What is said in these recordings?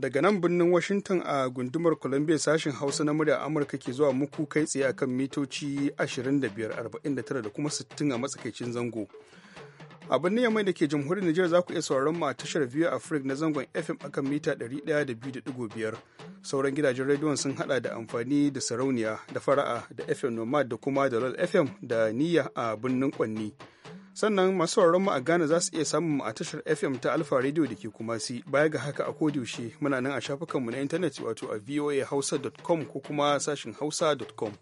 daga nan birnin washington a gundumar columbia sashen hausa na murya amurka ke zuwa muku kai tsaye akan mitoci 2549 da kuma 60 a matsakaicin zango a birnin yamai da ke jamhuriyar nijar za ku iya sauraron ma a tashar biyu afrik na zangon fm akan mita 102.5 sauran gidajen rediyon sun hada da amfani da sarauniya da fara'a da fm nomad da kuma da fm da niyya a birnin kwanni sannan masu mu a Ghana za su iya samun mu a tashar FM ta Alfa Radio da ke kuma si baya ga haka a kodiyaushe muna nan a shafukanmu na intanet wato a voahausa.com ko kuma sashin hausa.com.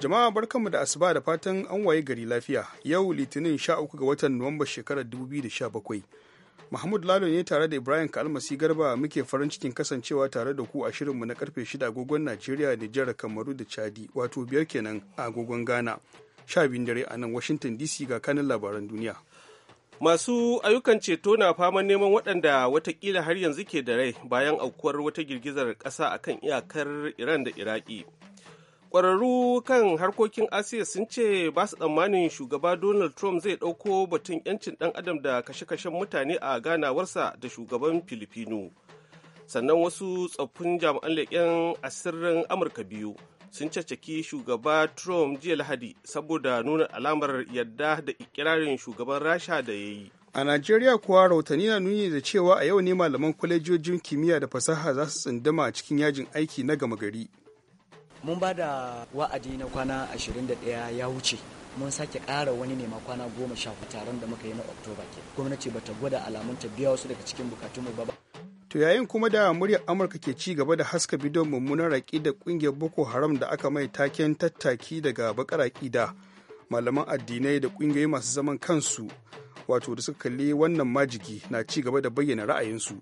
Jama'a barkanmu da asuba da fatan an waye gari lafiya yau litinin 13 ga watan Nuwamba shekarar 2017. Mahmud Lalo ne tare da Ibrahim Kalmasi Garba muke farin cikin kasancewa tare da ku a shirinmu na karfe 6 agogon Najeriya, Nijar, Kamaru da Chadi, wato biyar kenan agogon Ghana. Sha biyun dare a nan Washington DC ga kanin labaran duniya. Masu ayyukan ceto na faman neman waɗanda watakila har yanzu ke da rai bayan aukuwar wata girgizar ƙasa akan iyakar Iran da Iraki. Kwararru kan harkokin Asiya sun ce ba su tsammanin shugaba Donald Trump zai ɗauko batun 'yancin ɗan adam da kashe-kashen mutane a ganawarsa da shugaban Filifino. Sannan wasu tsoffin jami'an leƙen asirin Amurka biyu sun caccaki shugaba Trump jiya Lahadi saboda nuna alamar yadda da ikirarin shugaban Rasha da ya yi. A Najeriya kuwa rahotanni na nuni da cewa a yau ne malaman kwalejojin kimiyya da fasaha za su tsundama cikin yajin aiki na gama gari mun ba da wa'adi na kwana 21 ya wuce mun sake ƙara wani nema kwana goma sha taron da muka yi na oktoba ke gwamnati bata gwada alamun ta biya wasu daga cikin bukatun mu ba to yayin kuma da muryar amurka ke ci gaba da haska bidon mummunan raki da ƙungiyar boko haram da aka mai taken tattaki daga bakar aƙida malaman addinai da ƙungiyoyi masu zaman kansu wato da suka kalli wannan majigi na ci gaba da bayyana ra'ayinsu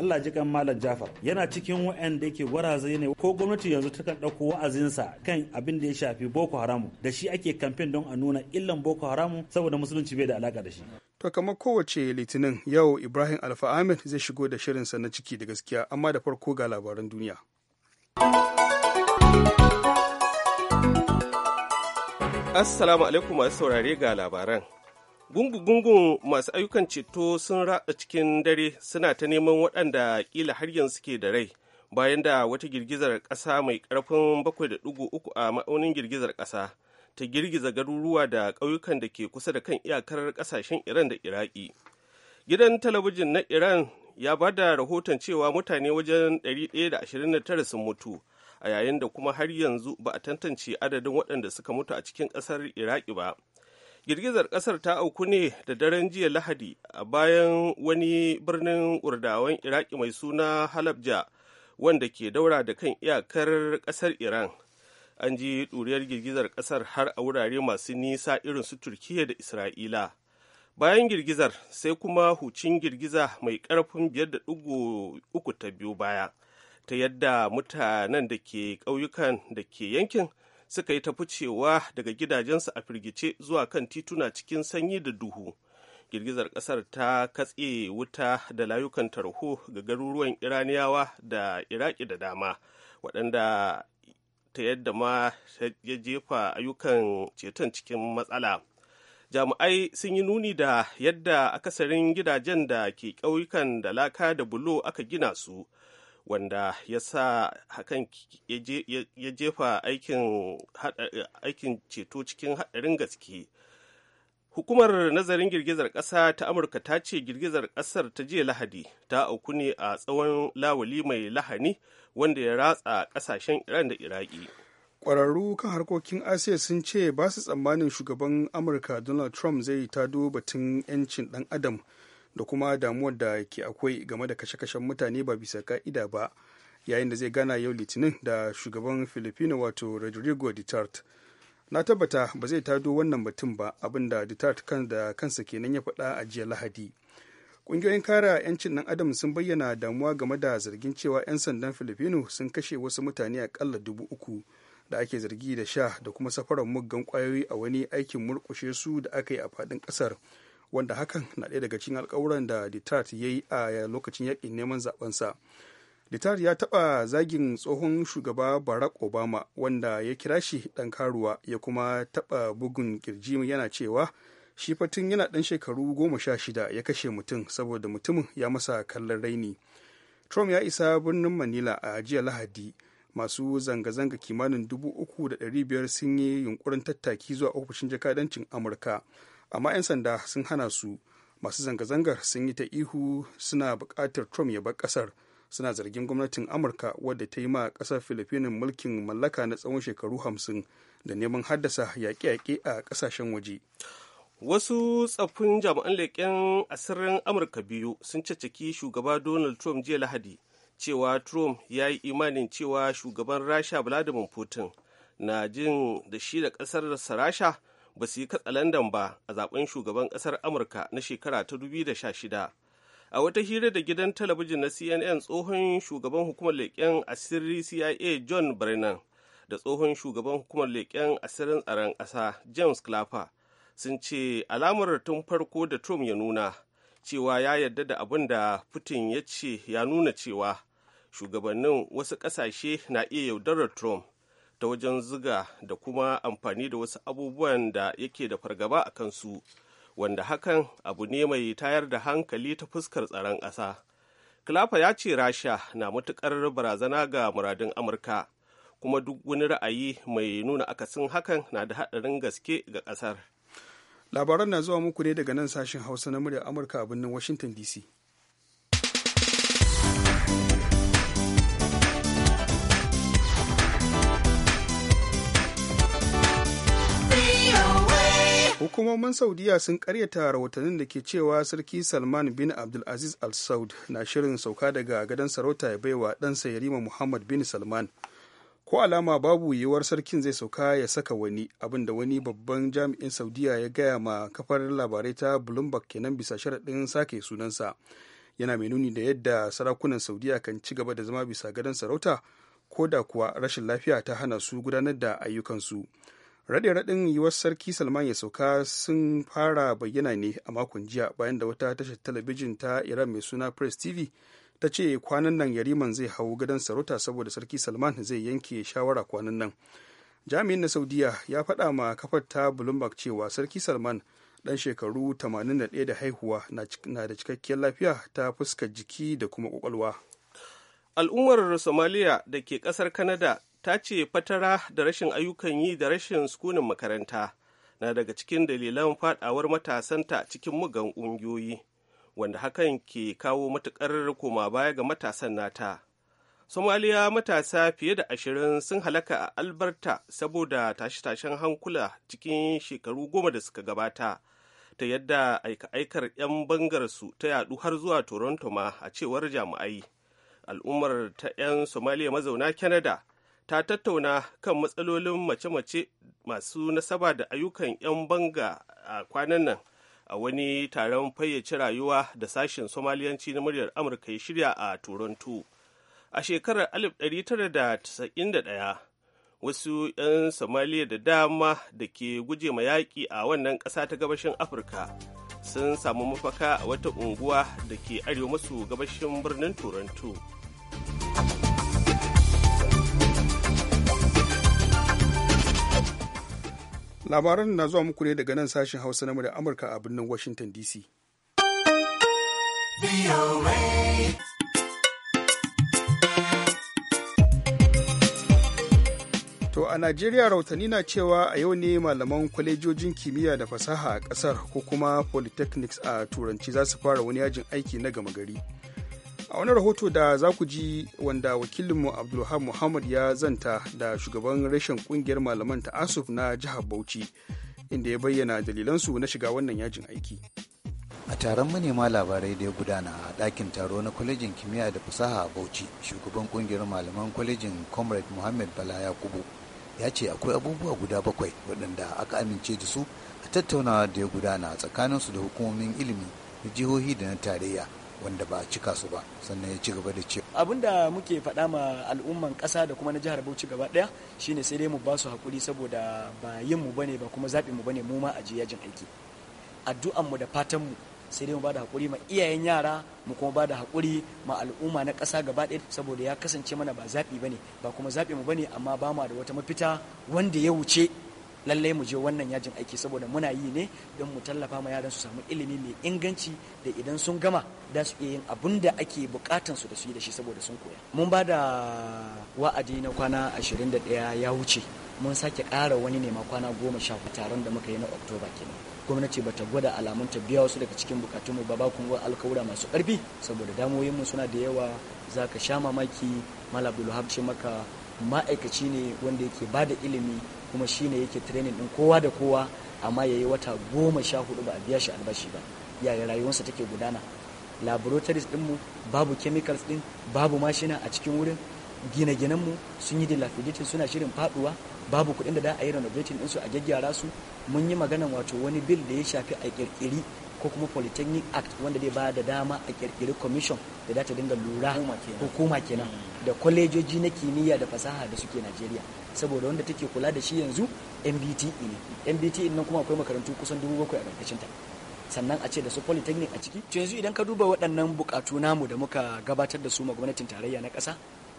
Allah ji kan Malam Jafar yana cikin waɗanda yake gwaraza ne ko gwamnati yanzu ta kan ɗauko wa'azinsa kan abin da ya shafi Boko Haram da shi ake kamfen don a nuna illan Boko Haram saboda musulunci bai da alaka da shi. To kamar kowace litinin yau Ibrahim Alfa Ahmed zai shigo da shirinsa na ciki da gaskiya amma da farko ga labaran duniya. Assalamu alaikum masu saurare ga labaran. gungu-gungun masu ayyukan ceto sun ratsa cikin dare suna ta neman waɗanda ƙila har yanzu ke da rai bayan da wata girgizar ƙasa mai ƙarfin 7.3 a ma'aunin girgizar ƙasa ta girgiza garuruwa da ƙauyukan da ke kusa da kan iyakar ƙasashen iran da iraki gidan talabijin na iran ya ba da rahoton cewa mutane wajen 129 sun mutu a yayin da kuma har yanzu ba a tantance adadin waɗanda suka mutu a cikin ƙasar iraki ba girgizar kasar ta auku ne da daren jiya lahadi a bayan wani birnin urdawan iraki mai suna halabja wanda ke daura da kan iyakar kasar iran an ji ɗuriyar girgizar kasar har a wurare masu nisa irin su turkiya da isra'ila bayan girgizar sai kuma hucin girgiza mai ƙarfin biyar da uku ta biyu baya ta yadda mutanen da ke ƙauyukan da ke yankin suka yi ta ficewa daga gidajensu a firgice zuwa kan tituna cikin sanyi da duhu girgizar ƙasar ta katse wuta da layukan tarho ga garuruwan iraniyawa da iraki da dama waɗanda ta yadda ma ya jefa ayyukan ceton cikin matsala jami'ai sun yi nuni da yadda akasarin gidajen da ke ƙauyukan da laka da bulo aka gina su wanda ya sa hakan ya jefa aikin ceto cikin haɗarin gaske hukumar nazarin girgizar ƙasa ta amurka ta ce girgizar ƙasar ta jiya lahadi ta auku ne a tsawon lawali mai lahani wanda ya ratsa ƙasashen iran da iraki ƙwararru kan harkokin asiya sun ce ba su tsammanin shugaban amurka donald trump zai ta batun 'yancin ɗan adam da kuma damuwar da ke akwai game da kashe-kashen mutane ba bisa ka'ida ba yayin da zai gana yau litinin da shugaban filipino wato rodrigo duterte na tabbata ba zai tado wannan batun ba abinda duterte kan da kansa kenan ya faɗa a jiya lahadi ƙungiyoyin kara 'yancin ɗan adam sun bayyana damuwa game da zargin cewa 'yan sandan filipino sun kashe wasu mutane akalla dubu uku da ake zargi da sha da kuma safarar muggan kwayoyi a wani aikin murƙushe su da aka yi a faɗin ƙasar wanda hakan na ɗaya daga cikin alkawuran da Duterte ya yi a lokacin yakin neman zabensa. Duterte ya taɓa zagin tsohon shugaba Barack Obama wanda ya kira shi ɗan karuwa ya kuma taɓa bugun kirji yana cewa shi fatin yana ɗan shekaru goma sha shida ya kashe mutum saboda mutumin ya masa kallon raini. Trump ya isa birnin Manila a jiya Lahadi. masu zanga-zanga kimanin dubu uku da biyar sun yi yunkurin tattaki zuwa ofishin jakadancin amurka amma 'yan sanda sun hana su masu zanga-zangar sun yi ta ihu suna buƙatar trump ya bar ƙasar suna zargin gwamnatin amurka wadda ta yi ma ƙasar filifinin mulkin mallaka na tsawon shekaru hamsin da neman haddasa yaƙe-yaƙe a ƙasashen waje wasu tsaffin jami'an leƙen asirin amurka biyu sun caccaki shugaba donald trump jiya lahadi cewa trump ya yi imanin cewa shugaban rasha vladimir putin na jin da shi da ƙasar rasha ba su yi katsalandan ba a zaben shugaban ƙasar amurka na shekara ta 2016 a wata hira da gidan talabijin na cnn tsohon shugaban hukumar leƙen asiri cia john brennan da tsohon shugaban hukumar leƙen asirin tsaron ƙasa james clapper sun ce alamar tun farko da trump ya nuna cewa ya yarda da abin da putin ya ce ya nuna cewa shugabannin wasu ƙasashe na iya yaudarar trump ta wajen ziga da kuma amfani da wasu abubuwan da yake da fargaba a kansu wanda hakan abu ne mai tayar da hankali ta fuskar tsaron ƙasa Klafa ya ce rasha na matuƙar barazana ga muradin amurka kuma duk wani ra'ayi mai nuna akasin hakan na da haɗarin gaske ga ƙasar labaran na zuwa muku ne daga nan sashen hausa na muryar amurka a birnin washington dc hukumomin saudiya sun karyata rahotannin da ke cewa sarki salman bin abdulaziz al saud na shirin sauka daga gadon sarauta ya baiwa ɗansa yarima muhammad bin salman ko alama babu yiwuwar sarkin zai sauka ya saka wani abin da wani babban jami'in saudiya ya gaya ma kafar labarai ta bloomberg kenan bisa sharaɗin sake sunansa yana mai nuni da yadda sarakunan saudiya kan ci gaba da zama bisa gadon sarauta ko da kuwa rashin lafiya ta hana su gudanar da ayyukansu. raɗe-raɗin yiwuwar sarki salman ya sauka sun fara bayyana ne a makon jiya bayan da wata tashar talabijin ta iran mai suna press tv ta ce kwanan nan yariman zai hau gadon sarauta saboda sarki salman zai yanke shawara kwanan nan jami'in na saudiya ya faɗa ma kafar ta bloomberg cewa sarki salman ɗan shekaru 81 da haihuwa na da cikakkiyar lafiya ta fuskar jiki da kuma kwakwalwa al'ummar somaliya da ke ƙasar Kanada. ta ce fatara da rashin ayyukan yi da rashin sukunin makaranta na daga cikin dalilan fadawar matasanta cikin mugan ƙungiyoyi wanda hakan ke kawo matuƙar koma baya ga matasan nata somaliya matasa fiye da ashirin sun halaka a alberta saboda tashe-tashen hankula cikin shekaru goma da suka gabata ta yadda aika-aikar 'yan bangarsu ta yadu har zuwa toronto ma a cewar jami'ai al'ummar ta 'yan somaliya mazauna canada ta tattauna kan matsalolin mace-mace masu nasaba da ayyukan 'yan banga a kwanan nan a wani taron fayyace rayuwa da sashen somaliyanci na muryar amurka ya shirya a toronto a shekarar 1991 wasu 'yan somaliya da dama da ke guje ma yaƙi a wannan ƙasa ta gabashin afirka sun samu mafaka a wata unguwa da ke arewa masu gabashin birnin toronto labaran na zuwa muku ne daga nan sashen hausa na da amurka a birnin washington dc To a Najeriya rautani na cewa a yau ne malaman kwalejojin kimiyya da fasaha a ƙasar ko kuma polytechnics a turanci za su fara wani yajin aiki na gama gari a wani rahoto da za ku ji wanda wakilinmu abdulham muhammad ya zanta da shugaban rashin kungiyar malaman ta asuf na jihar bauchi inda ya bayyana dalilansu na shiga wannan yajin aiki a taron manema labarai da ya gudana a dakin taro na kwalejin kimiyya da fasaha a bauchi shugaban kungiyar malaman kwalejin comrade muhammad bala yakubu ya ce akwai abubuwa guda bakwai waɗanda aka amince da su a tattaunawa da ya gudana tsakaninsu da hukumomin ilimi na jihohi da na tarayya wanda ba a cika su ba sannan ya ci gaba da cewa. abin da muke faɗa ma al'umman ƙasa da kuma na jihar Bauchi gaba ɗaya shine sai dai mu ba su haƙuri saboda ba yin mu bane ba kuma zaɓin mu bane mu ma a yajin aiki addu'an mu da fatan mu sai dai mu ba da haƙuri ma iyayen yara mu kuma ba da haƙuri ma al'umma na ƙasa gaba ɗaya saboda ya kasance mana ba zaɓi bane ba kuma zaɓi mu bane amma ba mu da wata mafita wanda ya wuce lallai mu je wannan yajin aiki saboda muna yi ne don mu tallafa ma yaran su samu ilimi mai inganci da idan sun gama da su yin abun da ake bukatan su da su yi da shi saboda sun koya mun ba da wa'adi na kwana 21 ya wuce mun sake kara wani nema kwana goma sha taron da muka yi na oktoba kenan gwamnati bata gwada alamun ta biya wasu daga cikin bukatunmu ba ba kun alkawura masu karfi saboda mu suna da yawa zaka sha mamaki mala abdulhab maka ma'aikaci ne wanda yake bada ilimi kuma shi ne yake training din kowa da kowa amma ya yi wata goma sha hudu ba a biya shi albashi ba yaya rayuwarsa take gudana laboratories dinmu babu chemicals din babu mashina a cikin wurin gine-ginen mu sun yi dilapidating suna shirin faduwa babu kuɗin da da a yi renovating su a gyaggyara su mun yi maganan wato wani bill da ya shafi a kirkiri ko kuma polytechnic act wanda zai ba da dama a kirkiri commission da za ta dinga lura hukuma kenan da kwalejoji na kimiyya da fasaha da suke najeriya saboda wanda take kula da shi yanzu MBTE ne MBTE nan kuma akwai makarantu kusan dubu bakwai a ta sannan a ce da su polytechnic a ciki to yanzu idan ka duba waɗannan buƙatu namu da muka gabatar da su ma gwamnatin tarayya na ƙasa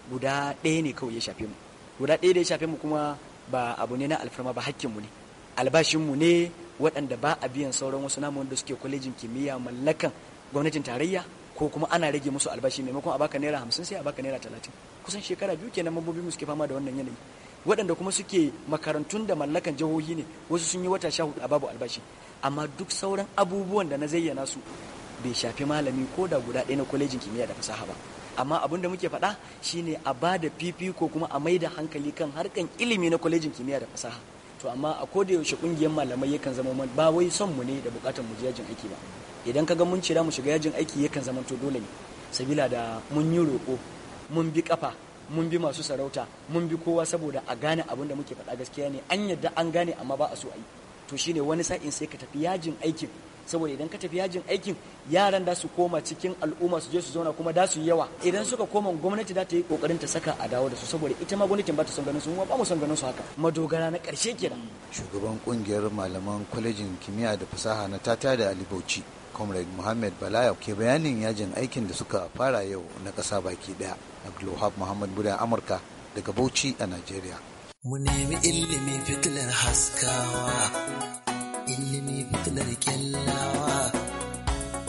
guda ɗaya ne kawai ya shafe mu guda ɗaya da ya shafe mu kuma ba abu ne na alfarma ba hakkinmu ne albashinmu ne waɗanda ba a biyan sauran wasu namu wanda suke kwalejin kimiyya mallakan gwamnatin tarayya ko kuma ana rage musu albashi maimakon a baka naira hamsin sai a baka naira talatin kusan shekara biyu kenan mambobin mu suke fama da wannan yanayi waɗanda kuma suke makarantun da mallakan jihohi ne wasu sun yi wata sha hudu a babu albashi amma duk sauran abubuwan da na zayyana su bai shafi malami ko da guda ɗaya na kwalejin kimiyya da fasaha ba amma abin da muke faɗa shine a ba da fifiko kuma a mai da hankali kan harkan ilimi na kwalejin kimiyya da fasaha to amma a koda yaushe kungiyar malamai yakan zama ba wai son mu ne da bukatar mu je yajin aiki ba idan ka ga mun cira mu shiga yajin aiki yakan zama to dole ne sabila da mun yi roƙo mun bi kafa mun bi masu sarauta mun bi kowa saboda a gane abin da muke faɗa gaskiya ne an yadda an gane amma ba a so a yi to shine wani sa'in sai ka tafi yajin aikin saboda idan ka tafi yajin aikin yaran da su koma cikin al'umma su je su zauna kuma da su yawa idan suka koma gwamnati za ta yi kokarin ta saka a dawo da su saboda ita ma gwamnatin ba ta son ganin su ba mu son ganin su haka madogara na karshe kenan shugaban kungiyar malaman kwalejin kimiyya da fasaha na tata da ali bauchi comrade muhammad balayab ke bayanin yajin aikin da suka fara yau na ƙasa baki ɗaya abdulwahab muhammad buda amurka daga bauchi a nigeria mu nemi ilimi fitilar haskawa ilimi fitilar kyallawa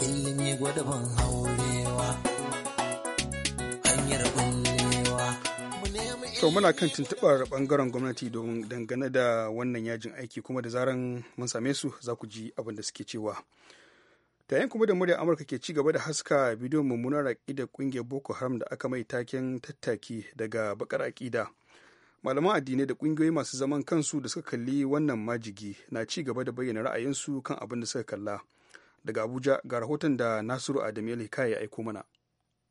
ilimi gwadaban haurewa hanyar to muna kan tuntuɓar bangaren gwamnati domin dangane da wannan yajin aiki kuma da zaran mun same su za ku ji abin da suke cewa yayin kuma da muryar amurka ke ci gaba da haska bidiyon mummunar aƙidar ƙungiyar boko haram da aka mai taken tattaki daga bakar aƙida malaman addinai da ƙungiyoyi masu zaman kansu da suka kalli wannan majigi na ci gaba da bayyana ra'ayinsu kan abin da suka kalla daga abuja ga rahoton da nasiru adam ya aiko mana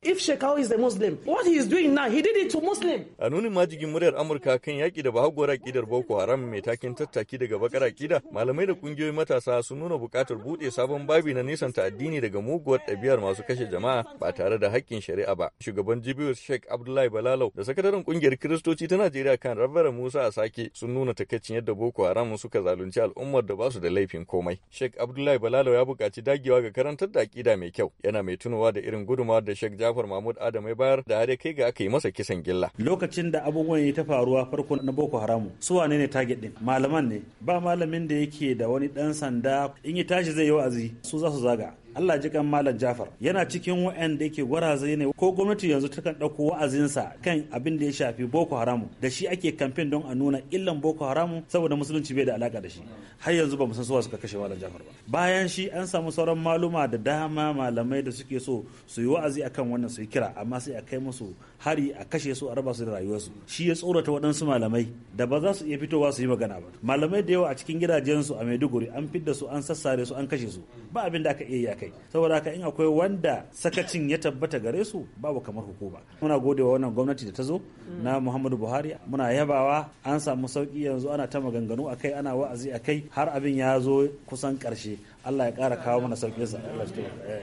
if Shekau is a Muslim, what he is doing now, he did it to Muslim. A nunin majigin muryar Amurka kan yaƙi da bahaguwar akidar Boko Haram mai takin tattaki daga bakar akida, malamai da kungiyoyin matasa sun nuna buƙatar buɗe sabon babi na nisanta addini daga muguwar ɗabi'ar masu kashe jama'a ba tare da haƙƙin shari'a ba. Shugaban Jibiyu Sheikh Abdullahi Balalau da sakataren kungiyar Kiristoci ta Najeriya kan Rabbara Musa Asake sun nuna takaicin yadda Boko Haram suka zalunci al'ummar da ba su da laifin komai. Sheikh Abdullahi Balalau ya buƙaci dagewa ga karantar da akida mai kyau, yana mai da irin gudunmawar da Sheikh shafar Mahmud Adamu ya bayar da har kai ga aka yi masa kisan gilla. Lokacin da abubuwan ya ta faruwa farko na Boko Haram su wane ne target din? Malaman ne. Ba malamin da yake da wani dan sanda in ya tashi zai yi wa'azi su za su zaga. Allah ji kan Malam Jafar yana cikin waɗanda yake gwaraze ne ko gwamnati yanzu ta kan ɗauko wa'azinsa kan abin da ya shafi Boko Haram da shi ake kamfen don a nuna illan Boko Haram saboda musulunci bai da alaka da shi har yanzu ba mu san suwa suka kashe Malam Jafar ba bayan shi an samu sauran maluma da dama malamai da suke so su yi wa'azi akan wannan su yi kira amma sai a kai musu hari a kashe su a raba su da rayuwarsu shi ya tsorata waɗansu malamai da ba za su iya fitowa su yi magana ba malamai da yawa a cikin gidajensu a Maiduguri an fidda su an sassare su an kashe su ba abin da aka iya kai saboda haka in akwai wanda sakacin ya tabbata gare su babu kamar hukuma muna godewa wannan gwamnati da ta zo na Muhammadu Buhari muna yabawa an samu sauki yanzu ana ta maganganu akai ana wa'azi akai har abin ya zo kusan karshe Allah ya ƙara kawo mana sauƙin sa.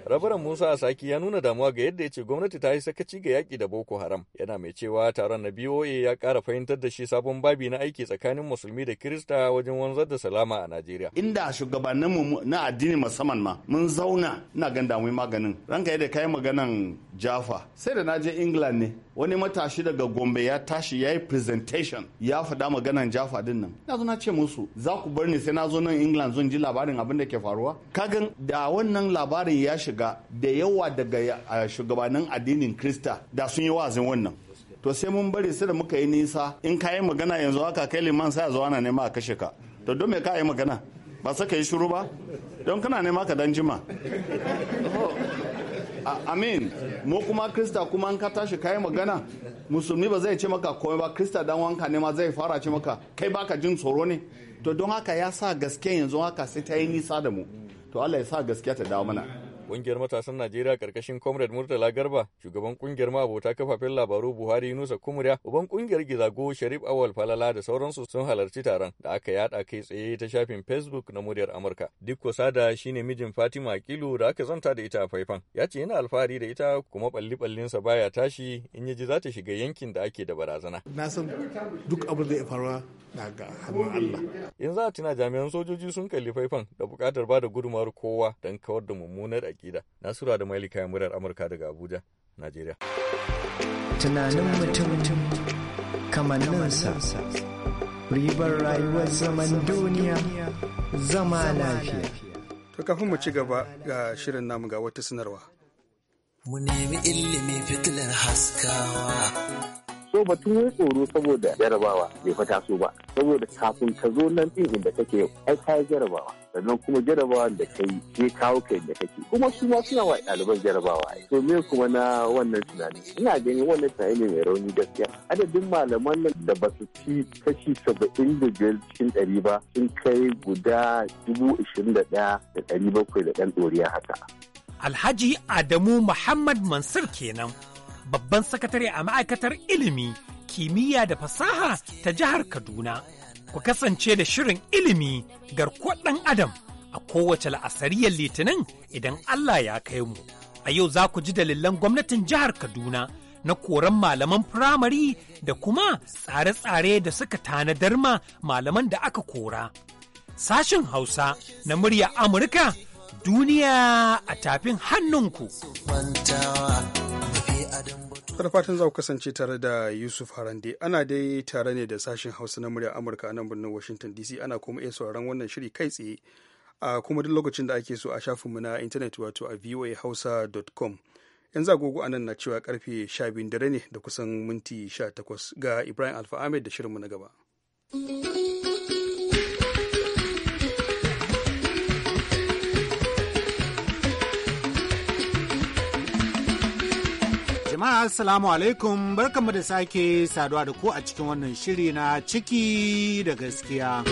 Rabaran Musa Asaki ya nuna damuwa ga yadda ya ce gwamnati ta yi sakaci ga yaƙi da Boko Haram. Yana mai cewa taron na BOA ya ƙara fahimtar da shi sabon babi na aiki tsakanin musulmi da Kirista wajen wanzar da salama a Najeriya. Inda shugabannin mu na addini musamman ma mun zauna ina gan damuwa maganin. Ranka yadda kai maganan Jafa. sai da naje je England ne wani matashi daga gombe ya tashi ya yi presentation ya faɗa maganan jafa din nan na zo na ce musu za ku bar ni sai na zo nan england zan ji labarin abin da ke faruwa kagan da wannan labarin ya shiga da yawa daga shugabannin addinin krista da sun yi wazin wannan to sai mun bari sai da muka yi nisa in ka yi magana yanzu haka kai liman sai a zo ana nema a kashe ka to don me ka yi magana ba saka yi shiru ba don kana nema ka dan jima amin mu kuma krista kuma an ka tashi ka yi magana musulmi ba zai ce maka komai ba krista dan wanka ne ma zai fara ce maka kai baka jin tsoro ne to don haka ya sa gaske yanzu haka sai ta yi nisa da mu to allah ya sa gaske ta dawo mana Kungiyar matasan Najeriya karkashin Comrade Murtala Garba, shugaban kungiyar ma'abota kafafen labaru Buhari Nusa Kumriya, uban kungiyar Gizago Sharif Awal Falala da sauransu sun halarci taron da aka yada kai tsaye ta shafin Facebook na muryar Amurka. duk Dikko Sada shine mijin Fatima kilu da aka zanta da ita a faifan. Ya ce yana alfahari da ita kuma balli-ballinsa baya tashi in ya ji za ta shiga yankin da ake da barazana. Na san duk abin da ya faruwa daga hannun Allah. Yanzu a tuna jami'an sojoji sun kalli faifan da bukatar ba da gudumar kowa don kawar da mummunar aƙida nasura da mailika murar amurka daga abuja najeriya tunanin mutum kamanninsa ribar rayuwar zaman duniya zama lafiya to kafin mu ci gaba ga shirin namu ga wata sanarwa mu nemi ilimi fitilar haskawa so batun wai tsoro saboda jarabawa bai fata so ba saboda kafin ka zo nan din inda kake ai ka yi jarabawa sannan kuma jarabawa da kai ke kawo kai da kake kuma su ma suna wa ɗaliban jarabawa to me kuma na wannan tunani ina ganin wannan tunani ne mai rauni gaskiya adadin malaman nan da ba su ci kashi saba'in da biyar cikin ɗari ba sun kai guda dubu ishirin da ɗaya da ɗari bakwai da ɗan ɗoriya haka. Alhaji Adamu Muhammad Mansur kenan. babban sakatare a ma'aikatar ilimi, kimiyya da fasaha ta jihar Kaduna. Ku kasance da shirin ilimi garkuwar ɗan Adam a kowace la'asariyar litinin idan Allah ya kai mu. A yau za ku ji dalilan gwamnatin jihar Kaduna na koran malaman Firamari da kuma tsare-tsare da suka tanadar ma malaman da aka kora. Sashen Hausa na murya Amurka duniya a tafin hannunku. da fatan za ku kasance tare da Yusuf Harande. Ana dai tare ne da sashen Hausa na murya Amurka a nan birnin Washington DC ana kuma iya sauraron wannan shiri kai tsaye a kuma duk lokacin da ake so a shafinmu na intanet wato a voahausa.com. Yan zagogo a nan na cewa karfe 12 dare ne da kusan minti 18 ga Ibrahim Alfa Ahmed da shirinmu na gaba. Jama'a Assalamu alaikum barkan da sake saduwa da ku a cikin wannan shiri na ciki da gaskiya.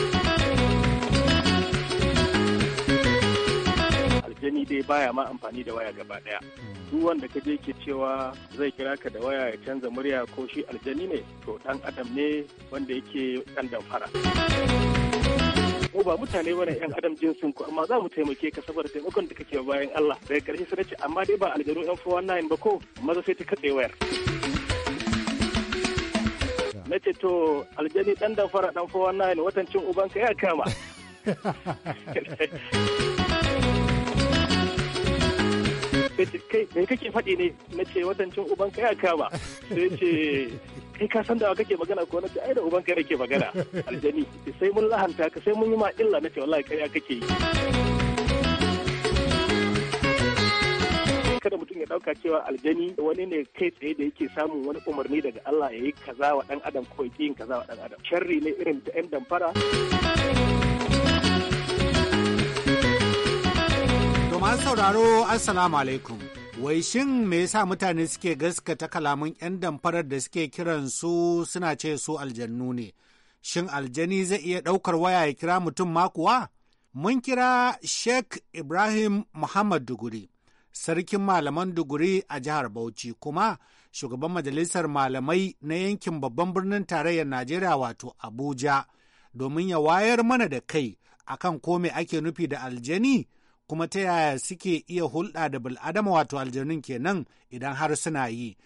Aljani dai baya ma amfani da waya gaba daya. Duk wanda ka je ke cewa zai kira ka da waya ya canza murya ko shi aljani ne to dan adam ne wanda yake ɗan damfara. mu ba mutane bane yan adam jinsin ku amma za mu taimake ka saboda taimakon da kake bayan Allah daga karshe sai ce amma dai ba aljanu yan yin ba ko maza sai ta katse wayar na ce to aljani dan da fara dan yin watan cin ka ya kama kai me kake faɗi ne na ce watancin uban kai aka ba sai ce kai ka san da kake magana ko na ce ai da uban kai nake magana aljani sai mun lahanta ka sai mun yi ma illa na ce wallahi kai kake yi kada mutum ya dauka cewa aljani wani ne kai tsaye da yake samun wani umarni daga Allah ya yi kaza wa dan adam ko ya yin kaza wa dan adam sharri ne irin ta yan damfara Masu sauraro Assalamu alaikum. Wai shin me yasa mutane suke gaskata kalaman 'yan damfarar da suke kiran su suna ce su aljannu ne? Shin aljani zai iya ɗaukar waya ya kira mutum makuwa Mun kira Sheikh Ibrahim Muhammad Duguri, sarkin malaman Duguri a jihar Bauchi kuma shugaban majalisar malamai na yankin babban birnin tarayyar Najeriya wato Abuja, domin ya wayar mana da kai akan ko me ake nufi da aljani. kuma ta yaya suke iya hulɗa da bil'adama wato aljanun kenan idan har suna yi.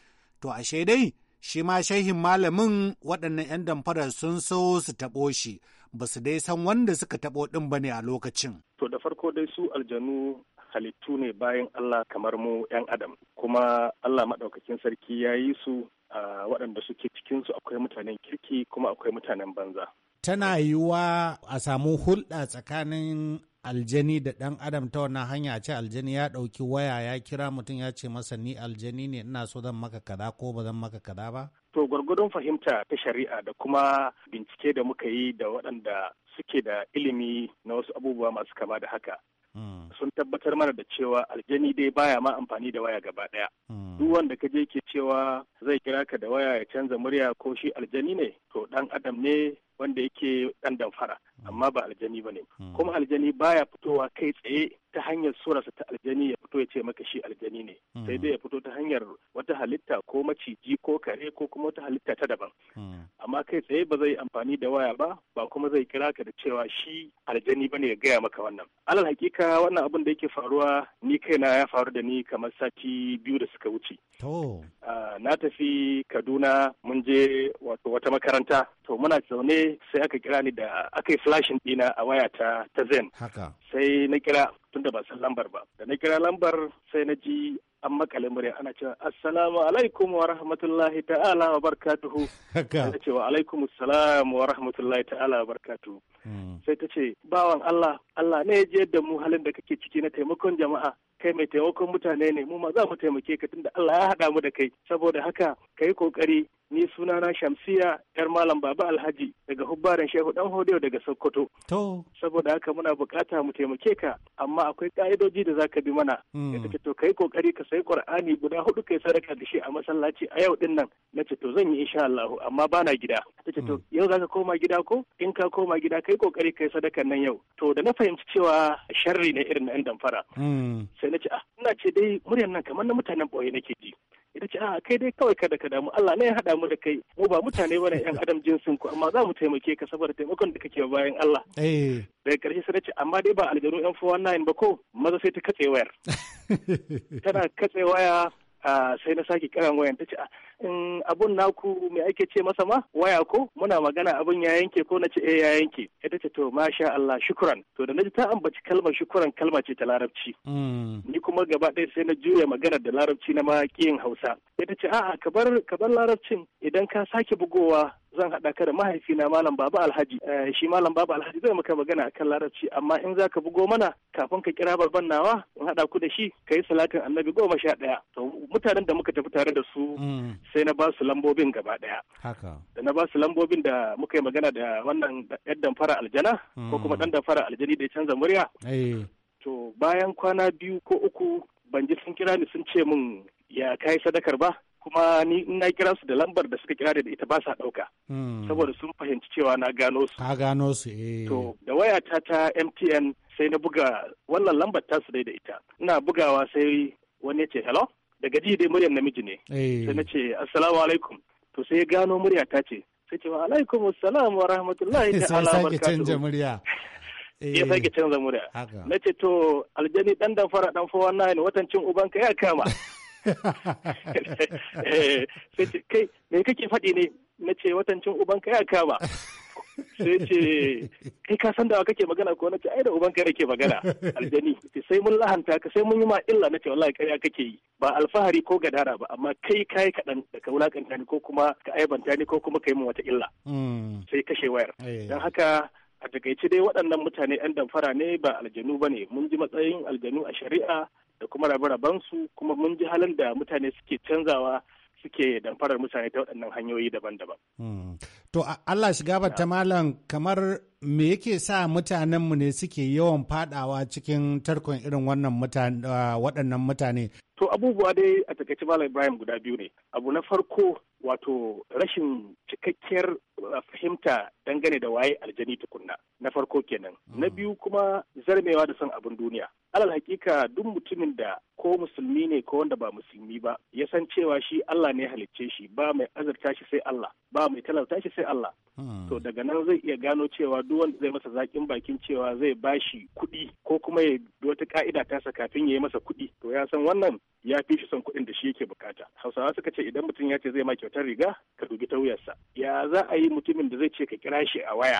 To ashe dai shi ma shehin malamin waɗannan 'yan damfarar sun so su taɓo shi ba su dai san wanda suka taɓo ɗin ba ne a lokacin. To da farko dai su aljanu halittu ne bayan Allah kamar mu 'yan adam kuma Allah maɗaukakin sarki ya yi su a waɗanda suke cikin su akwai mutanen kirki kuma akwai mutanen banza. Tana yiwuwa a samu hulɗa tsakanin aljani da ɗan adam ta wannan hanya ce aljani ya ɗauki waya ya kira mutum ya ce masa ni aljani ne ina so zan maka kaza ko ba zan maka kaza ba? To gwargwadon fahimta ta shari'a da kuma bincike da muka yi da waɗanda suke da ilimi na wasu abubuwa masu kama da haka. Hmm. Sun tabbatar mana da cewa aljani dai baya ma amfani da waya gaba ɗaya. Hmm. Duk wanda ka je ke cewa zai kira ka da waya ya canza murya ko shi aljani ne to dan adam ne wanda yake ɗan damfara. amma ba aljani ba ne hmm. kuma aljani baya fitowa kai tsaye ta hanyar surarsa ta aljani ya fito ya ce maka shi aljani ne hmm. sai dai ya fito ta hanyar wata halitta ko maciji ko kare ko kuma wata halitta ta daban hmm. amma kai tsaye ba zai amfani da waya ba ba kuma zai kira ka da cewa shi aljani ba ne ya gaya maka wannan alal hakika wannan abin da yake faruwa ni kaina ya faru da ni kamar sati biyu da suka wuce na tafi kaduna mun je wato wata makaranta to muna zaune sai aka kira ni da aka yi flashin dina a waya ta ta zen sai na kira tunda ba san lambar ba da na kira lambar sai na ji an makale murya ana cewa assalamu alaikum wa rahmatullahi ta'ala wa barakatuhu ana cewa alaikum assalam wa rahmatullahi ta'ala wa barakatuhu hmm. sai ta ce bawan Allah Allah ne ya je da mu halin da kake ciki na taimakon jama'a kai mai taimakon mutane ne mu ma za mu taimake ka tunda Allah ya haɗa mu da kai saboda haka ka yi kokari ni na Shamsiya yar malam Baba Alhaji daga Hubbaren Shehu Dan Hodeo daga Sokoto to saboda haka muna bukata mu taimake ka amma akwai ka'idoji da zaka bi mana da hmm. take to kai kokari ka sai Qur'ani guda hudu kai sadaka da shi a masallaci a yau din nan nace to zan yi insha Allah amma bana gida take to hmm. yau zaka koma gida ko in ka koma gida kai kokari kai sadakan nan yau to da na fahimci cewa sharri ne irin na damfara hmm. na ce ah ina ce dai muryan nan kamar na mutanen ɓoye nake ji ita ce a ah, kai dai kawai kada ka damu Allah ne ya haɗa mu da kai mu ba mutane bane yan adam jinsin ku amma za mu taimake ka saboda taimakon da kake bayan Allah eh. daga ƙarshe sai ce amma dai ba aljanu yan 419 ba ko maza sai ta katse wayar tana katse waya sai na sake kiran wayan ta ce ah, in abun naku me ake ce masa ma waya ko muna magana abun ya yanke ko na ce eh ya yanke ita ce to masha Allah shukran to da naji ta ambaci kalmar shukran kalma ce ta larabci mm. ni kuma gaba ɗaya sai na juya magana da larabci na ma Hausa ita ce a'a ka bar larabcin idan ka sake bugowa zan haɗa ka da mahaifina malam baba alhaji eh, shi malam baba alhaji zai maka magana akan larabci amma in za ka bugo mana kafin ka kira babban nawa in haɗa ku da shi ka yi salatin annabi goma sha ɗaya to mutanen da muka tafi tare da su mm. sai na ba su lambobin gaba ɗaya da na ba su lambobin da muka yi magana da wannan ɗan damfara aljana ko kuma mm. ɗan damfara aljani da ya canza murya eh. to bayan kwana biyu ko uku ban ji sun kira ni sun ce mun ya kai sadakar ba kuma ni in na kira su da lambar da suka kira da ita ba sa ɗauka. Hmm. Saboda sun fahimci cewa na gano su. Ka gano su eh. To da waya ta ta MTN sai na buga wannan lambar ta su dai da ita. Ina bugawa sai wani ce hello daga ji dai muryar namiji ne. Eh. Sai na ce assalamu alaikum. To sai ya gano murya ta ce sai ce wa alaikum assalamu wa rahmatullahi ta'ala barkatuhu. Sai sake canja murya. ya sake canza murya. Eh. Na ce to aljani dan dan fara dan fowa na ne watan cin ubanka ya kama. kai me kake faɗi ne na ce watancin uban ka ya kama sai ce kai ka san da wa kake magana ko na ce ai da uban ka yake magana aljani sai mun lahanta ka sai mun yi ma illa na ce wallahi kai kake yi ba alfahari ko gadara ba amma kai kai kaɗan da ka wulakanta ni ko kuma ka aibanta ni ko kuma kai min wata illa hmm. sai kashe wayar eh. Dan haka a takaice dai waɗannan mutane 'yan damfara ne ba aljanu ba ne mun ji matsayin aljanu a shari'a da kuma rabe-rabensu kuma mun ji halin da mutane suke canzawa suke damfarar mutane ta waɗannan hanyoyi daban-daban. Hmm. To Allah shiga ta malam kamar me yake sa mutanen mu ne suke yawan fadawa cikin tarkon irin wannan ah, waɗannan mutane? To abubuwa dai a takaice malam Ibrahim guda biyu ne. Abu na farko wato rashin cikakkiyar ah, fahimta dangane da waye aljani tukunna na farko kenan. Na hmm. biyu kuma zarmewa da son abin duniya. Alal hakika duk mutumin da ko musulmi ne ko wanda ba musulmi ba ya san cewa shi Allah ne halicce shi ba mai azurta shi sai Allah ba mai talauta shi sai Allah hmm. to daga nan zai iya gano cewa duk wanda zai masa zakin bakin cewa zai bashi kuɗi ko kuma ya wata ka'ida tasa kafin ya yi masa kuɗi to ya san wannan ya fi shi son kuɗin da shi yake bukata hausawa suka ce idan mutum ya ce zai ma kyautar riga ka dubi ta wuyarsa ya za a yi mutumin da zai ce ka kira shi a waya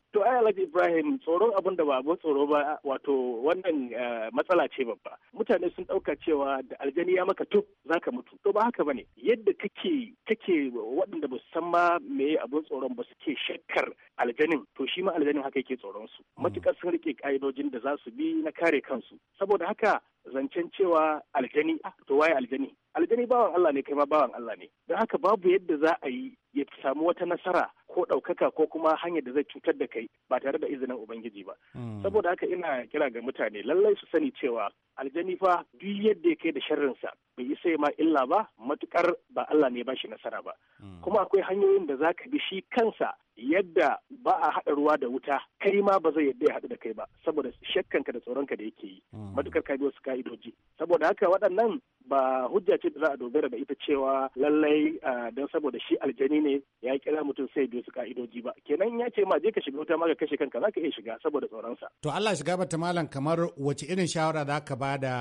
To ai Alhaji Ibrahim tsoron abin da ba tsoro ba wato wannan eh, matsala ce babba. Mutane sun ɗauka cewa da aljani ya maka tuk za ka mutu. To ba haka bane yadda kake kake waɗanda ba su san ma me abin tsoron ba suke shakkar aljanin to shi ma aljanin haka yake tsoron su. Mm. Matuƙar sun riƙe ƙa'idojin da za su bi na kare kansu. Saboda haka zancen cewa aljani ah, to waye aljani aljani bawan Allah ne kai ma bawan Allah ne don haka babu yadda za a yi ya samu wata nasara ko ɗaukaka ko kuma hanyar da zai cutar da kai ba tare da izinin ubangiji ba hmm. saboda haka ina kira ga mutane lallai su sani cewa aljani fa duk yadda ya kai da sharrinsa bai yi sai ma illa ba matukar ba Allah ne ba shi nasara ba hmm. kuma akwai hanyoyin da zaka bi shi kansa yadda ba a haɗa ruwa da wuta kai ma ba zai yadda ya haɗu da kai ba saboda shakkanka da ka da yake yi hmm. matukar ka bi wasu ka'idoji saboda haka waɗannan ba hujja ce da za a dogara da ita cewa lallai ah, don saboda shi aljani ne ya kira mutum sai biyu bisa ka'idoji ba kenan ya ce ma je ka shiga wuta ma ka kashe kanka za ka iya shiga saboda tsoronsa. to Allah shiga bata malam kamar wace irin shawara da ka ba da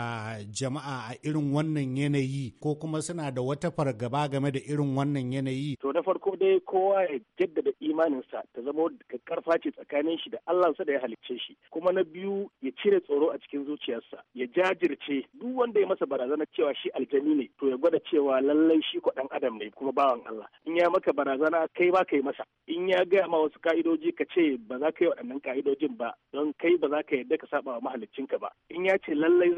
jama'a a irin wannan yanayi ko kuma suna da wata fargaba game da irin wannan yanayi. to na farko dai kowa ya jaddada imaninsa ta zama karfa ce tsakanin shi da Allahnsa da ya halicce shi kuma na biyu ya cire tsoro a cikin zuciyarsa ya jajirce duk wanda ya masa barazana cewa shi aljani ne to ya gwada cewa lallai shi dan adam ne kuma bawan Allah in ya maka barazana kai ba kai masa in ya gaya ma wasu ka'idoji ka ce ba za ka yi waɗannan ka'idojin ba don kai ba za ka yadda ka saba wa mahalicinka ba in ya ce lallai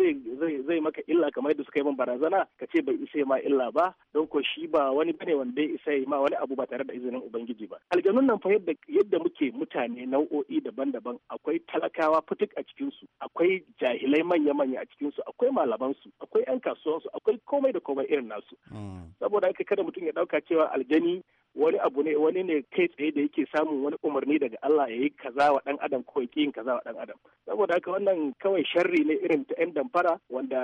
zai maka illa kamar yadda suka yi min barazana ka ce bai isa ma illa ba don ko shi ba wani bane wanda ya isa ma wani abu ba tare da izinin ubangiji ba aljanun nan fa yadda muke mutane nau'o'i daban-daban akwai talakawa fitik a cikin su akwai jahilai manya-manya a cikin su akwai malaman su akwai yan kasuwan su akwai komai da komai irin nasu hmm. saboda haka kada mutum ya ɗauka cewa aljani wani abu ne wani ne kai kai tsaye da yake samun wani umarni daga Allah ya yi kaza wa ɗan adam ko ya yin kaza wa ɗan adam saboda haka wannan kawai sharri ne irin ta 'yan damfara wanda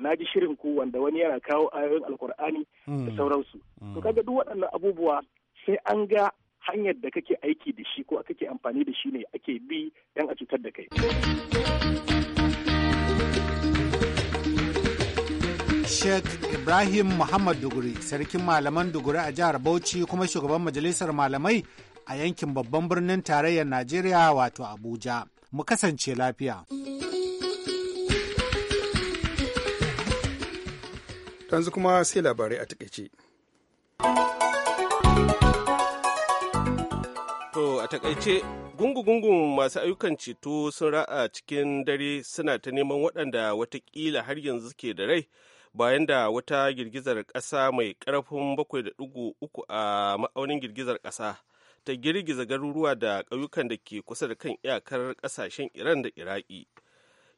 na ji shirin ku wanda wani yana kawo ayoyin alkur'ani da hmm. sauransu hmm. to kaga duk waɗannan abubuwa sai an ga hanyar da kake aiki da shi ko kake amfani da shi ne ake bi dan a cutar da kai. Sheikh Ibrahim Muhammad Duguri, sarkin malaman Duguri a jihar Bauchi kuma shugaban majalisar malamai a yankin babban birnin tarayyar Najeriya wato Abuja. Mu kasance lafiya. Tanzu kuma sai labarai a takaice. To a takaice gungu-gungun masu ayyukan ceto sun ra'a cikin dare suna ta neman waɗanda watakila har yanzu ke da rai bayan da wata girgizar ƙasa mai ƙarfin 7.3 a ma'aunin girgizar ƙasa ta girgiza garuruwa da ƙauyukan da ke kusa da kan iyakar ƙasashen Iran da Iraki.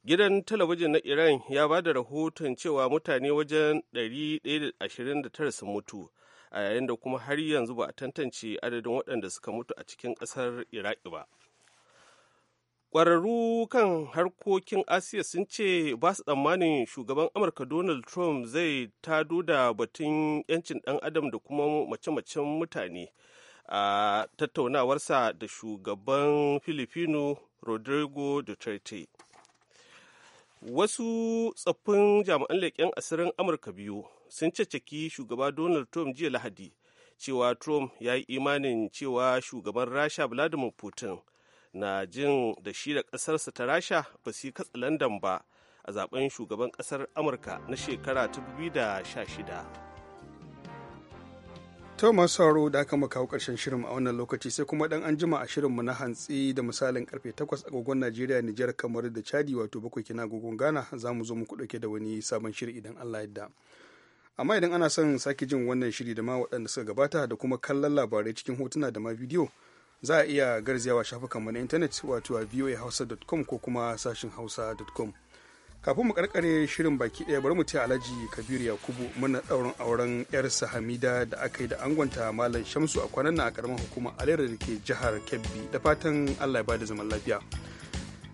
Gidan talabijin na Iran ya ba da rahoton cewa mutane wajen 129 sun mutu, a yayin da kuma har yanzu ba a tantance adadin waɗanda suka mutu a cikin ƙasar Iraki ba. kwararru kan harkokin asiya sun ce ba su tsammanin shugaban amurka donald trump zai tado da batun 'yancin dan adam da kuma mace-macen mutane a tattaunawarsa da shugaban filipino rodrigo duterte wasu tsoffin jami'an leƙen asirin amurka biyu sun caccaki shugaba donald trump jiya lahadi cewa trump ya yi imanin cewa shugaban rasha vladimir putin na jin da shi da kasarsa ta rasha ba su yi katsalandan ba a zaben shugaban ƙasar amurka na shekara ta 2016 masu sauro da aka makawo ƙarshen shirin a wannan lokaci sai kuma dan an jima a shirinmu na hantsi da misalin karfe 8 gogon najeriya nijar kamar da chadi wato bakwai kina agogon ghana za mu zo muku ɗauke da wani sabon shiri idan allah yadda amma idan ana son sake jin wannan shiri da ma waɗanda suka gabata da kuma kallon labarai cikin hotuna da ma bidiyo za a iya garzayawa shafukanmu na intanet wato a voahausa.com ko kuma sashin hausa.com kafin mu karkare shirin baki ɗaya bari mu ce alhaji kabiru yakubu muna ɗaurin auren yarsa hamida da aka yi da angonta malam shamsu a kwanan nan a ƙaramin a alera da ke jihar kebbi da fatan allah ya bada zaman lafiya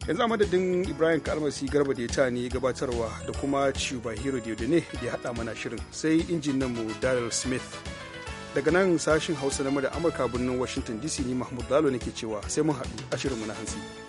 yanzu a madadin ibrahim kalmasi garba da ya ta ne gabatarwa da kuma ciuba hero da ya haɗa mana shirin sai injin mu daryl smith daga nan sashin hausa na da amurka birnin washington dc ne mahmud lalo nake cewa sai mun haɗu a shirinmu na hansi.